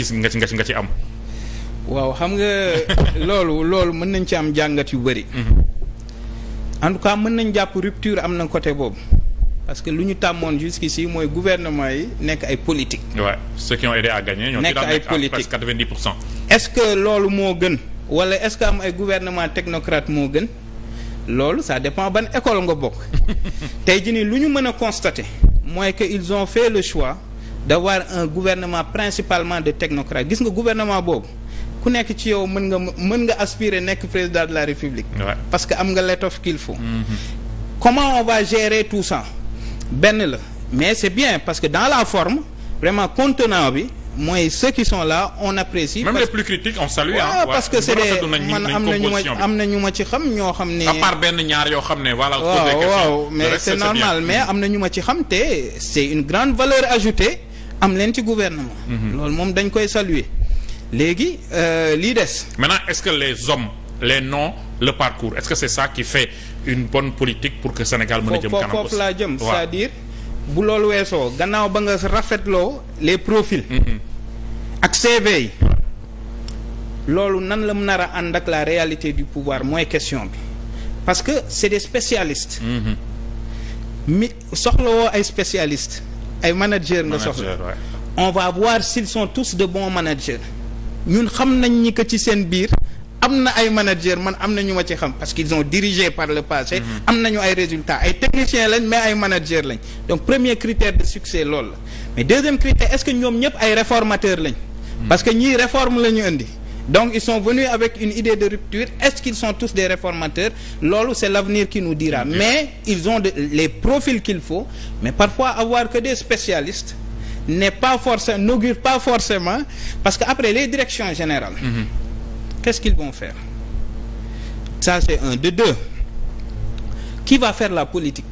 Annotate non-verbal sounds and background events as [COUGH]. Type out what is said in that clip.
gis nga ci nga ci nga ci am. waaw xam nga [LAUGHS] loolu loolu mën nañ ci am jàngat yu bëri. Mhm. en tout cas mën nañ jàpp rupture am na côté boobu. parce que lu ñu tàmmoon si mooy gouvernement yi nekk ay politique. waaw ceux qui ñoo ci daan nekk à pour cent. est-ce que loolu moo gën. wala est-ce que am ay gouvernement technocrate moo gën. loolu ça dépend ban école nga bokk. [LAUGHS] tey jii nii lu ñu mën a constater. mooy que ils ont fait le choix. d'avoir un gouvernement principalement de technocrates gis nga gouvernement boobu ku nekk ci yow mën nga mën nga aspirer nekk président de la république parce que am nga l'étoffe qu'il faut mm -hmm. comment on va gérer tout ça benn la mais c'est bien parce que dans la forme vraiment contenant bi mooy ceux qui sont là on apprécie. même on salue. parce que c'est des man am na ñu ma am na ñu ma ci xam ñoo xam ne. à benn ñaar yoo xam ne voilà. waaw waaw mais c'est normal mais am na ñu ma ci xam te c'est une grande valeur ajoutée. am leen ci gouvernement. Mhm. loolu moom dañ koy saluer léegi euh, lii des. maintenant est-ce que les hommes les noms le parcours est-ce que c'est ça qui fait une bonne politique pour que Sénégal mën a jëm kanam foofu laa jëm c'est-à-dire bu loolu weesoo gannaaw ba nga rafetloo les profils. Mhm. ak CV yi. loolu nan la mu nar a ànd ak la réalité du pouvoir mooy question bi parce que c'est des spécialistes. Mhm. mi soxlawoo ay spécialistes. ay manager nga soxla on va voir si sont tous de bons managers ñun xam nañ ni que ci seen biir am na ay manager man am na ñu ma ci xam parce qu'ils ont dirigé par le passé mm-hmm. am nañu ay résultat ay techniciens lañ mais ay manager lañ donc premier critère de succès loolu la mais deuxième critère est que ñoom ñëpp ay réformateur lañ mm. parce que ñii réforme la ñu indi donc ils sont venus avec une idée de rupture est-ce qu'ils sont tous des réformateurs loolu c'est l'avenir qui nous dira mais ils ont de, les profils qu'il faut mais parfois avoir que des spécialistes n'est pas forcément n'augure pas forcément parce que après les directions générales mm-hmm. qu'est-ce qu'ils vont faire c'est un de deux qui va faire la politique